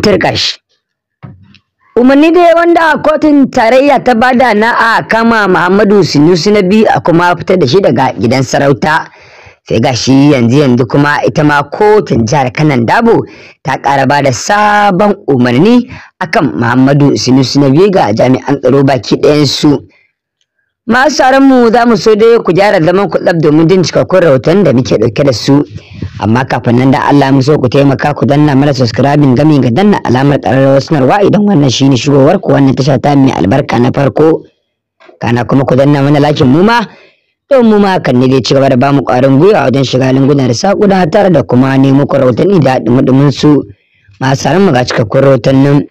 turka umarni dai wanda kotun tarayya ta bada na a kama muhammadu sinusi na biyu a kuma fitar da shi daga gidan sarauta sai ga shi yanzu yanzu kuma ita ma kotun jihar kanan dabo ta ƙara ba da sabon umarni akan muhammadu sinusi na biyu ga jami'an tsaro baki ɗayansu Masu tsaron mu za mu so dai ku gyara zaman ku tsaf domin jin cikakkun rahoton da muke ɗauke da su. Amma kafin nan da Allah mu so ku taimaka ku danna mana subscribing gami ga danna alamar ƙararrawar sanarwa idan wannan shine shigowar ku wannan tasha ta mai albarka na farko. Kana kuma ku danna mana lakin mu ma to mu ma kan ne dai ci gaba da bamu ƙwarin gwiwa wajen shiga linguna da saƙuna tare da kuma nemo ku rahotanni da ɗumuɗumin su. Masu mu ga cikakkun rahoton nan.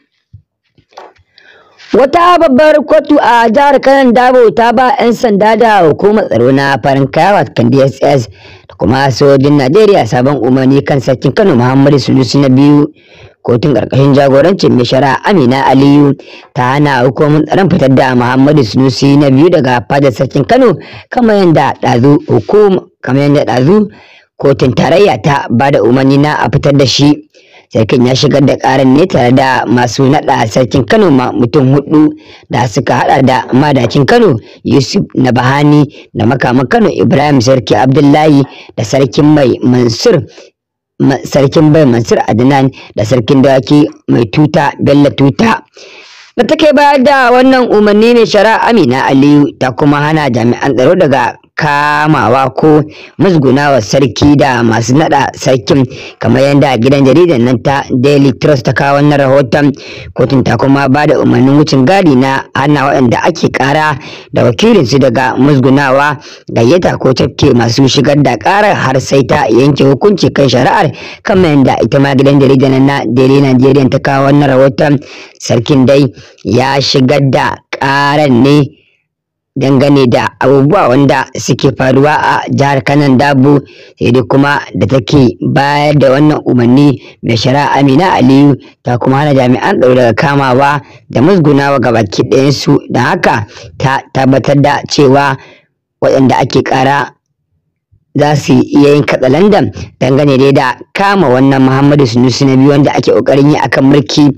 Wata babbar kotu a jihar Kanan Dabo ta ba 'yan sanda da hukumar tsaro na farin kaya kan DSS da kuma sojin Najeriya sabon umarni kan sarkin Kano Muhammadu Sulusi na biyu. Kotun ƙarƙashin jagorancin mai shara Amina Aliyu ta hana hukumar tsaron fitar da Muhammadu Sulusi na biyu daga fadar sarkin Kano kamar yadda ɗazu kamar yadda ɗazu kotun tarayya ta ba da umarni na a fitar da shi. sarkin ya shigar da karin ne tare da masu nada sarkin kano ma mutum hudu da suka hada da madakin kano yusuf na bahani da makaman kano ibrahim sarki abdullahi da sarkin mai mansur sarkin bai mansur adnan da sarkin dawaki mai tuta bello tuta da take bayar da wannan umarni ne shara amina aliyu ta kuma hana jami'an tsaro daga kamawa ko musgunawa sarki da masu nada sarkin kamar yadda gidan jaridar nan ta daily trust ta kawo wannan rahoton kotun ta kuma ba da umarnin wucin gadi na hana waɗanda ake kara da wakilinsu daga musgunawa gayyata ko tafke masu shigar da karar har sai ta yanke hukunci kan shari'ar kamar yadda ita ma gidan jaridar nan na daily nigerian ta kawo wannan rahoton sarkin dai ya shigar da karar ne dangane da abubuwa wanda suke faruwa a jihar kanan dabu sai dai kuma da take bayar da wannan umarni mai shara, amina aliyu ta kuma hana jami'an ɗau daga kamawa da musgunawa ga baki ɗayansu da haka ta tabbatar da cewa waɗanda ake ƙara za su iya yin landan dangane dai da kama wannan Muhammadu Sunusi na biyu wanda ake ƙoƙarin yi akan mulki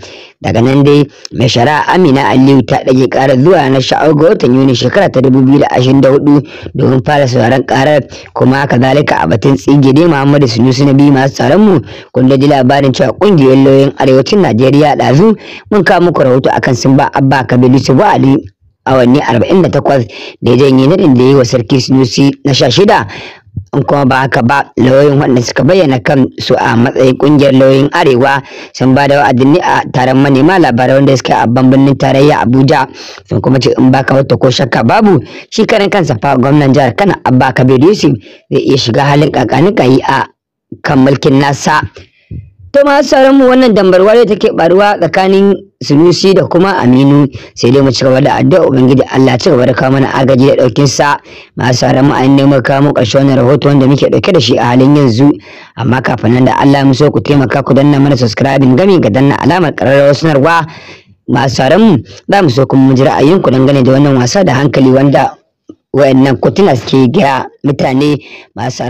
daga nan dai mai shari'a Amina Aliyu ta ɗage ƙarar zuwa na sha'awar ga watan Yuni shekara ta dubu biyu da da hudu, domin fara sauraron ƙarar. kuma kazalika a batun dai Muhammadu Sunusi na biyu masu tsaron mu kun da ji labarin cewa ƙungiyar lauyoyin arewacin Najeriya ɗazu mun kawo muku rahoto akan sun ba Abba Kabiru ba Ali awanni arba'in da takwas, ya janye naɗin da yi wa sarki Sunusi na sha shida. kuma ba haka ba lauyoyin waɗanda suka bayyana kan su a matsayin ƙungiyar lauyoyin arewa sun ba da wa'adin ne a taron manema labarai wanda suka a birnin tarayya abuja sun kuma ce in baka wata ko shakka babu shi karan kansa fa gwamnan jihar kano abba kabir yusuf zai iya shiga halin kakanikan kayi a kan mulkin nasa to ma sauran mu wannan dambarwa da take baruwa tsakanin Sunusi da kuma Aminu sai dai mu ci gaba da addu'a ubangiji Allah ci gaba da kawo mana agaji da daukin sa ma sauran mu an nemi kawo ƙarshe wannan rahoto wanda muke dauke da shi a halin yanzu amma kafin nan da Allah mu so ku taimaka ku danna mana subscribing gami ga danna alamar ƙararrawar sanarwa ma sauran mu za mu so kuma mu ji ra'ayinku dangane da wannan wasa da hankali wanda wayannan kotuna suke gira mutane masu